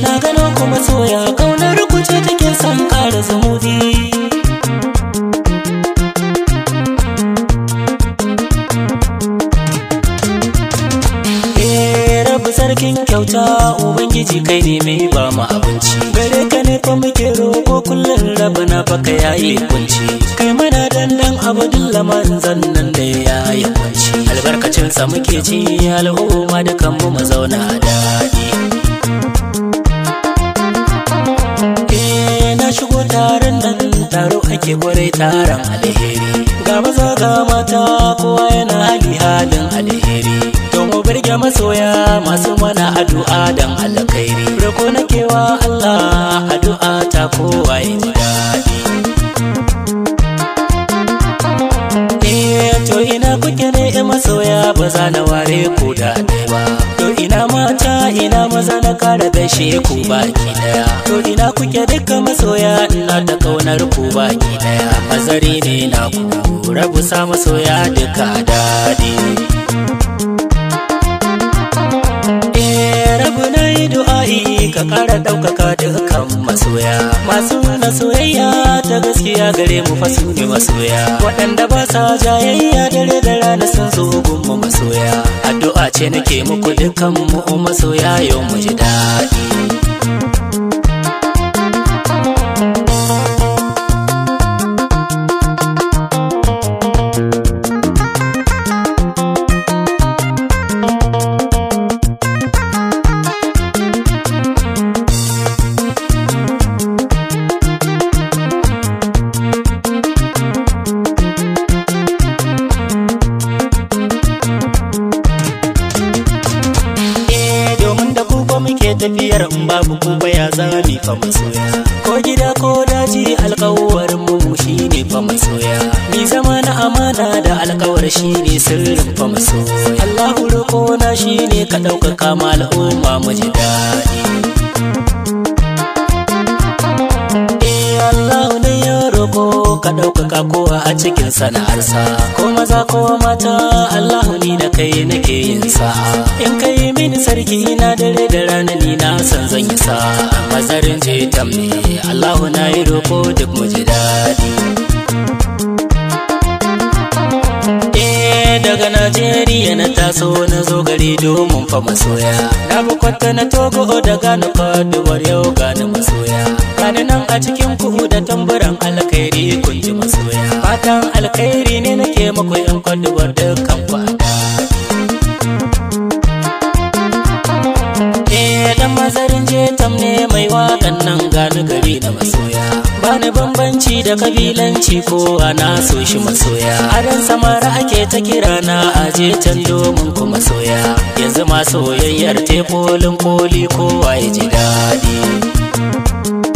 na gano kuma soya ƙaunar kuce take son kara zumudi eh, sarkin kyauta ubangiji kai ne mai ba mu abinci gare ka ne fa muke roƙo kullum raba na baka yayi kunci kai mana dandan abudin lamarin zannan da yayi kunci albarkacin sa muke ci al'umma da mu mu zauna daɗi ake kwarai taron alheri ga maza ga mata kowa yana hali halin alheri don ku birge masoya masu mana addu'a dan alkhairi rako nakewa Allah addu'a ta kowa eh, to ina ku masoya ba za na ware ku da ba to ina mata ina maza na kara gaishe ku baki daya to ina kuke duka masoya ina ta kaunar ku baki daya mazari ne na ku rabu sa masoya duka daɗi masoya masu nuna soyayya ta gaskiya gare mu fa ne masoya waɗanda ba sa jayayya dare da rana sun zo gun mu masoya addu'a ce nake muku dukkan mu oh masoya yau mu ji daɗi tafiyar in babu ku baya zami fa masoya ko gida ko daji alkawar mu shi ne fa masoya ni zama na amana da alkawar ne sirrin fa masoya Allahu roko na ne ka ɗaukaka ma al'umma mu ji daɗi eh, ka ɗaukaka kowa a cikin sana'arsa ko maza ko mata Allahu ni da kai nake yin sa in kai mini sarki sa mazarin jitam ne Allahu na yi roko duk mu ji daɗi eh, daga Najeriya na taso na zo gari domin fa masoya na bukwata na togo da gano kwaduwar yau gano masoya gani nan a cikin kuhu da tamburan alkhairi kun ji masoya fatan alkhairi ne nake maku yan kwaduwar dukkan bani bambanci da kabilanci kowa na so shi masoya adan samara ake ta kira na aje can domin kuma soya yanzu ma soyayyar tekolin koli kowa ya ji daɗi